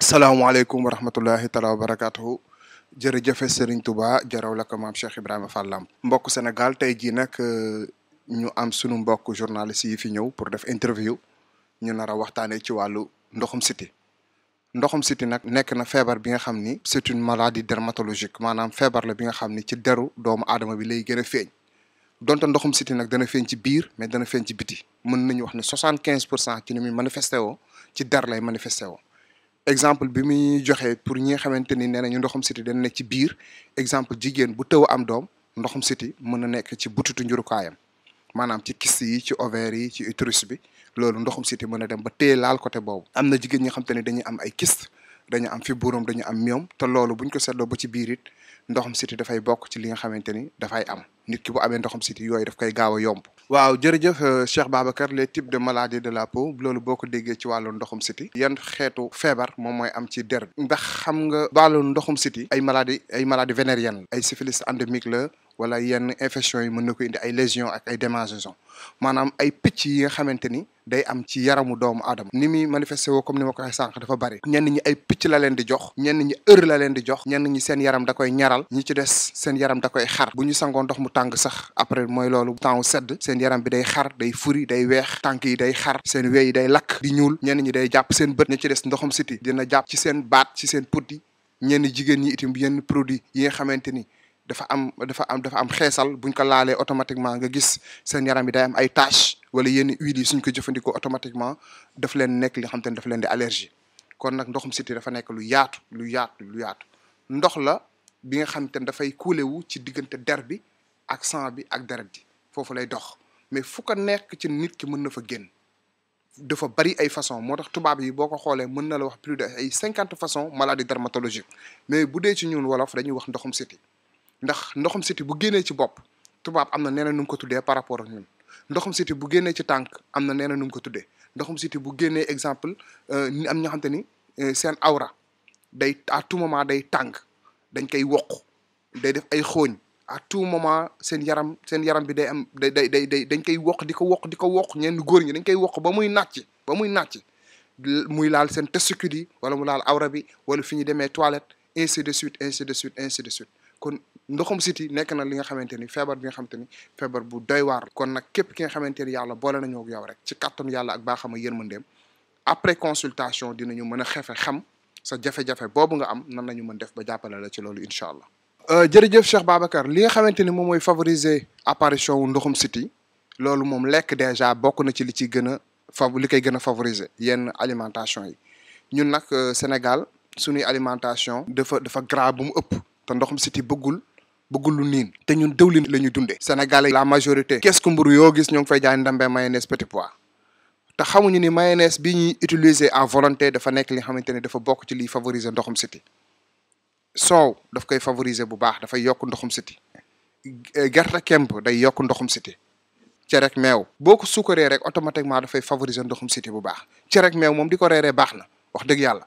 salaamaaleykum wa rahmatullahi taala wa barakaatuhu jërëjëfe Serigne Touba jaraw la ko maam Cheikh Ibrahima Fallam mbokk Sénégal tey jii nag euh, ñu am sunu mbokk journaliste yi fi ñëw pour def interview ñu nara waxtaanee ci wàllu ndoxum siti ndoxum siti nag nekk na feebar bi nga xam ni. c'est une maladie dermatologique maanaam feebar la bi nga xam ni ci deru doomu aadama bi lay gën a feeñ donte ndoxum siti nag dana feeñ ci biir mais dana feeñ ci biti mën nañu wax ne soixante quinze pour cent ci ni muy manifesté woo ci der lay manifesté woo. exemple bi muy joxe pour ñi nga xamante ni nee nañu ndoxum siti dana nekk ci biir exemple jigéen bu tëw am doom ndoxum siti mën na nekk ci butitu njurukaayam maanaam ci kyste yi ci ovaire yi ci utérus bi loolu ndoxum siti mën a dem ba téye laal côté boobu am na jigéen ñi xam xamante ni dañuy am ay kyste dañu am fi buuram dañu am ñoom te loolu buñ ko seetloo ba ci biir it ndoxam siti dafay bokk ci li nga xamante ni dafay am nit ki bu amee ndoxum siti yooyu daf koy gaaw a yomb. waaw jërëjëf euh, Cheikh Babacar le types de maladi de la peau loolu boo ko déggee ci wàllu ndoxum siti yan xeetu feebar moom mooy am ci der ndax xam nga wàllu ndoxum siti ay maladi ay maladies vénériennes ay syphilis endémique la. wala yenn infection yi mën na ko indi ay lésions ak ay démangeaisons maanaam ay picc yi nga xamante ni day am ci yaramu doomu aadama ni muy manifesté woo comme ni ma ko waxee sànq dafa bari ñenn ñi ay picc la leen di jox ñenn ñi heure la leen di jox ñenn ñi seen yaram da koy ñaral ñi ci des seen yaram da koy xar bu ñu sangoo ndox mu tàng sax après mooy loolu temps sedd seen yaram bi day xar day furi day weex tànk yi day xar seen wey yi day lakk di ñuul ñenn ñi day jàpp seen bët ñi ci des ndoxum siti dina jàpp ci seen baat ci seen put ñenn jigéen ñi itam yenn produit yi nga xamante ni dafa am dafa am dafa am xeesal buñ ko laalee automatiquement nga gis seen yaram yi day am ay tache wala yenn huile suñ ko jëfandikoo automatiquement daf leen nekk li xam te ne daf leen di allergie kon nag ndoxum siti dafa nekk lu yaatu lu yaatu lu yaatu ndox la bi nga xam te ne dafay kuule wu ci diggante der bi ak sang bi ak deret ji foofu lay dox mais fu ko nekk ci nit ki mën na fa génn dafa bari ay façon moo tax tubaab yi boo ko xoolee mën na la wax plus de ay cinquante façon maladie dermatologique mais bu dee ci ñun wolof dañuy wax ndoxum siti ndax ndoxum siti bu génnee ci bopp tubaab am na nee na nu mu ko tuddee par rapport ak ñun ndoxum siti bu génnee ci tànk am na nee nu mu ko tuddee ndoxum siti bu génnee exemple euh, ni am ñoo ni euh, seen awra day à tout moment day tàng dañ koy woq day def ay xooñ à tout moment seen yaram seen yaram bi day am day day day dañ koy woq di ko woq di ko woq ñenn góor ñi dañ koy woq ba muy nàcc ba muy nàcc muy laal seen testicules yi wala mu laal awra bi wala fi ñu demee toilette ainsi de suite ainsi de suite ainsi de suite kon ndoxum siti nekk na li nga xamante ni feebar bi nga xamante ni feebar bu doy waar kon nag képp ki nga xamante ni yàlla boole nañoo ak yow rek ci kàttan yàlla ak baaxam ak yërmandeem après consultation dinañu mën a xefe xam sa jafe boobu nga am nan la ñu mën def ba jàppale la ci loolu incha allah. Euh, jërëjëf Cheikh Babacar li nga xamante ni moom mooy favoriser apparition wu ndoxum siti loolu moom lekk déjà bokk na ci li ci gën a fav li koy gën a favoriser yenn alimentation yi ñun nag euh, Sénégal suñuy alimentation dafa dafa gras bu mu ëpp. te ndoxum siti bëggul bëggul lu niin te ñun dëwlin la ñuy dundee sénégalais la majorité kees mburu yoo gis ñoo ngi fay jaay ndambe mayonnaise petit pois te xamuñu ni mayonnaise bi ñuy utiliser à volonté dafa nekk li nga xamante ne dafa bokk ci liy favoriser ndoxum siti soow daf koy favoriser bu baax dafay yokk ndoxum siti gerte kemb day yokk ndoxum siti cere ak meew boo ko suukaree rek automatiquement dafay favoriser ndoxum siti bu baax cere ak meew moom di ko reeree baax na wax dëgg yàlla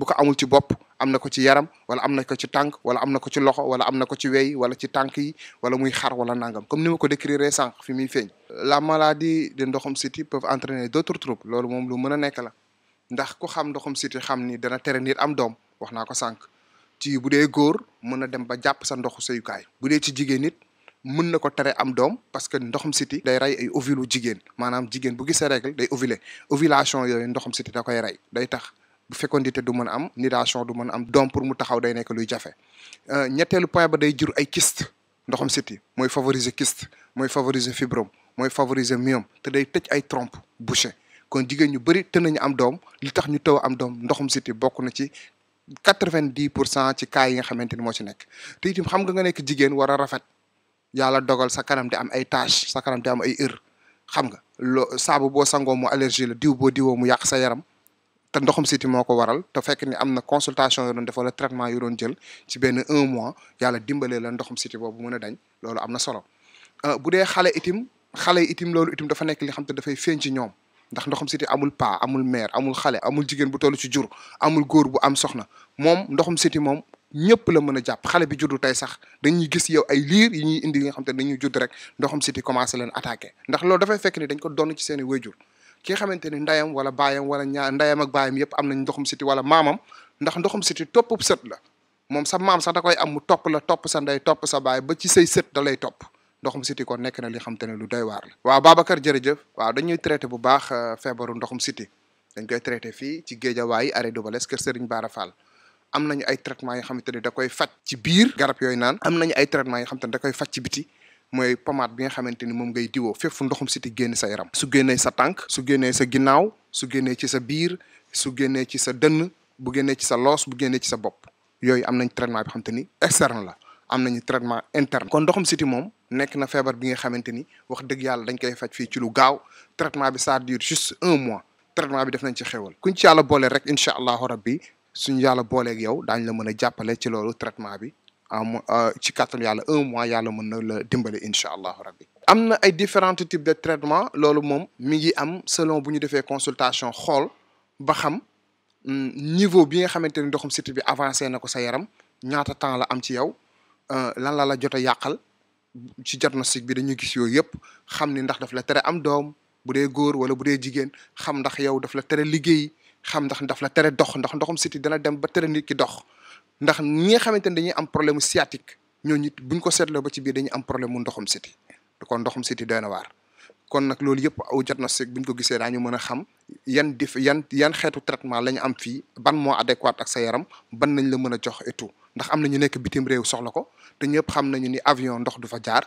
bu ko amul ci bopp am na ko ci yaram wala am na ko ci tànk wala am na ko ci loxo wala am na ko ci wey wala ci tànk yi wala muy xar wala nangam comme ni ma ko décrire sànq fi muy feeñ. la maladie de ndoxum siti peuvent entraîner d'autres troubles loolu moom lu mën a nekk la ndax ku xam ndoxum siti xam ni dana tere nit am doom wax naa ko sànq ci bu dee góor mën na dem ba jàpp sa ndoxu sëyukaay bu dee ci jigéen nit mën na ko tere am doom parce que ndoxum siti day rey ay ovule jigéen maanaam jigéen bu gisee règle day ovuler ovulation yooyu ndoxum siti da koy rey day tax. fécondité du mën a am nidation du mën a am doom pour mu taxaw day nekk luy jafe euh, ñetteelu point ba day jur ay kyste ndoxam siti mooy favoriser kyste mooy favoriser fibrome mooy favoriser miom te day tëj ay trompe bouché kon jigéen ñu bëri te nañu am doom li tax ñu taw am doom ndoxum siti bokk na ci quatre-vingt-dix pour cent ci cas yi nga xamante ni moo ci nekk te itam xam nga nga nekk jigéen war a rafet yàlla dogal sa kanam am ay tache sa kanam am ay ër xam nga loo saabu boo sangoo mu allergie la diw boo diwoo mu yàq sa yaram te ndoxum siti moo ko waral te fekk ni am na consultation yoo doon def wala traitement yoo doon jël ci benn un mois yàlla dimbalee la ndoxum siti boobu mën a dañ loolu am na solo euh, bu dee xale itim xale itim loolu itim dafa nekk li xam te dafay feeñ ci ñoom ndax ndoxum siti amul paa amul mère amul xale amul jigéen bu toll ci jur amul góor bu am soxna moom ndoxum siti moom ñëpp la mën a jàpp xale bi juddu tey sax dañuy gis yow ay liir yi ñuy indi yi nga xam te dañuy judd rek ndoxum siti commencé leen attaqué ndax loolu dafay fekk ni dañ ko doon ci seeni i wayjur ki nga xamante ni ndayam wala baayam wala ñaa ndayam ak baayam yëpp am na ndoxum siti wala maamam ndax ndoxum siti toppub sët la moom sa maam sax da koy am mu topp la topp sa ndey topp sa baay ba ci say sët da lay topp ndoxum siti kon nekk na li xam te ne lu day waar la waaw Babacar jërëjëf waaw dañuy traité bu baax euh, feebaru ndoxum siti dañ koy traité fii ci Géejawaay arrêt Dubales kër Serigne Bara Fall am nañu ay traitement yoo xamante ni da koy faj ci biir garab yooyu naan am nañu ay traitement yoo xam ni da koy faj ci biti mooy pommade bi nga xamante ni moom ngay diwoo fépp fu ndoxum siti génn sa yaram su génnee sa tànk su génnee sa ginnaaw su génnee ci sa biir su génnee ci sa dënn bu génnee ci sa loos bu génnee ci sa bopp yooyu am nañ traitement bi xam ni externe la am nañu traitement interne kon ndoxum siti moom nekk na feebar bi nga xamante ni wax dëgg yàlla dañ koy faj fii ci lu gaaw traitement bi ça dure juste un mois traitement bi def nañ ci xewal kuñ ci yàlla boole rek incha allahu rabbi suñu yàlla booleeg yow daañu la mën a jàppale ci loolu traitement bi en euh, ci kàttanu yàlla un mois yàlla mën na la dimbale incha allahu rabbi am na ay différente types de traitement loolu moom mi ngi am selon bu ñu defee consultation xool ba xam hmm, niveau bi nga xamante ni ndoxum siti bi avancé na ko sa yaram ñaata temps la am ci yow euh, lan la la jot a yàqal ci diagnostic bi dañuy gis yooyu yëpp xam ni ndax daf la tere am doom bu dee góor wala bu dee jigéen xam ndax yow daf la tere liggéey xam ndax daf la tere dox ndax ndoxum siti dana dem ba tere nit ki dox ndax ñi nga xamante ne dañuy am problème mu sciatique ñooñu buñ ko seetloo ba ci biir dañuy am problème mu ndoxum siti kon ndoxum siti doy na waar. kon nag loolu yëpp aw diagnostic buñ ko gisee ñu mën a xam yan dif yan yan xeetu traitement la ñu am fii ban moo adéquat ak sa yaram ban nañ la mën a jox et tout ndax am na ñu nekk bitim réew soxla ko te ñëpp xam nañu ni avion ndox du fa jaar.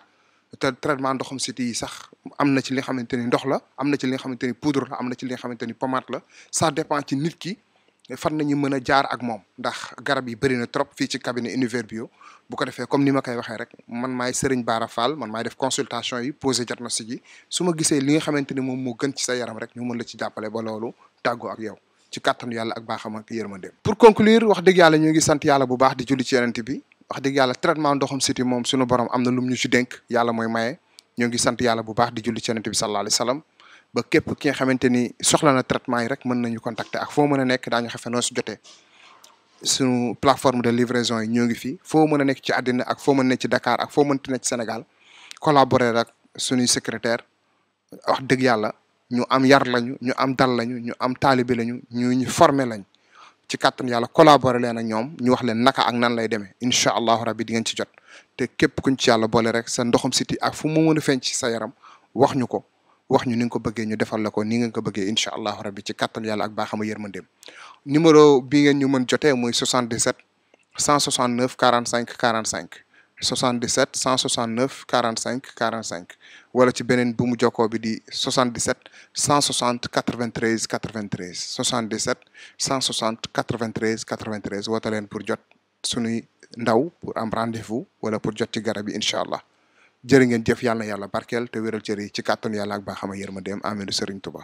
te traitement ndoxum siti yi sax am na ci li nga xamante ni ndox la am na ci li nga xamante ni poudre la am na ci li nga xamante ni pommade la ça dépend ci nit ki. fan nañu mën a jaar ak moom dax garab yi bëri na trop fii ci cabinet Univers Bio bu ko defee comme ni ma koy waxee rek man maay Serigne Bara Fall man maay def consultation yi posé diagnostic yi su ma gisee li nga xamante ni moom moo gën ci sa yaram rek ñu mën la ci jàppale ba loolu tàggoo ak yow ci kàttanu yàlla ak baaxam ak yërmandeem pour conclure wax dëgg yàlla ñu ngi sant yàlla bu baax di julli ci yonent bi wax dëgg yàlla traitement ndoxum siti moom suñu borom am na lum ñu ci dénk yàlla mooy maye ñoo ngi sant yàlla bu baax di julli ci yonent bi sallallahu ba képp ki nga xamante ni soxla na traitement yi rek mën nañu contacter ak foo mën a nekk daañu xafe noo si jotee suñu plateforme de livraison yi ñoo ngi fi foo mën a nekk ci addina ak foo mën nekk ci Dakar ak foo mënti nekk ci Sénégal collaborer ak suñuy secrétaire wax dëgg yàlla ñu am yar lañu ñu am dal lañu ñu am taalibe lañu ñu ñu formé lañ ci kàttan yàlla collaborer leen ak ñoom ñu wax leen naka ak nan lay demee incha allahu rabbi di ngeen ci jot te képp kuñ ci yàlla boole rek sa ndoxum siti ak fu mu mën a ci sa yaram wax ñu ko wax ñu ni nga ko bëggee ñu defal la ko ni nga ko bëggee incha allahu rabbi ci kàttan yàlla ak baaxam a yërmandeem numéro bi ngeen ñu mën jotee mooy 77 169 45 45 77 169 45 45 wala ci beneen bu mu jokkoo bi di 77 160 93 93 77 160 93 93 woote leen pour jot sunuy ndaw pour am rendez-vous wala pour jot ci garab yi incha allah jërë ngeen jëf yàlla na yàlla barkeel te wéral cër yi ci kàttanu a ak baaxama yërmandeem amiin Serigne Touba.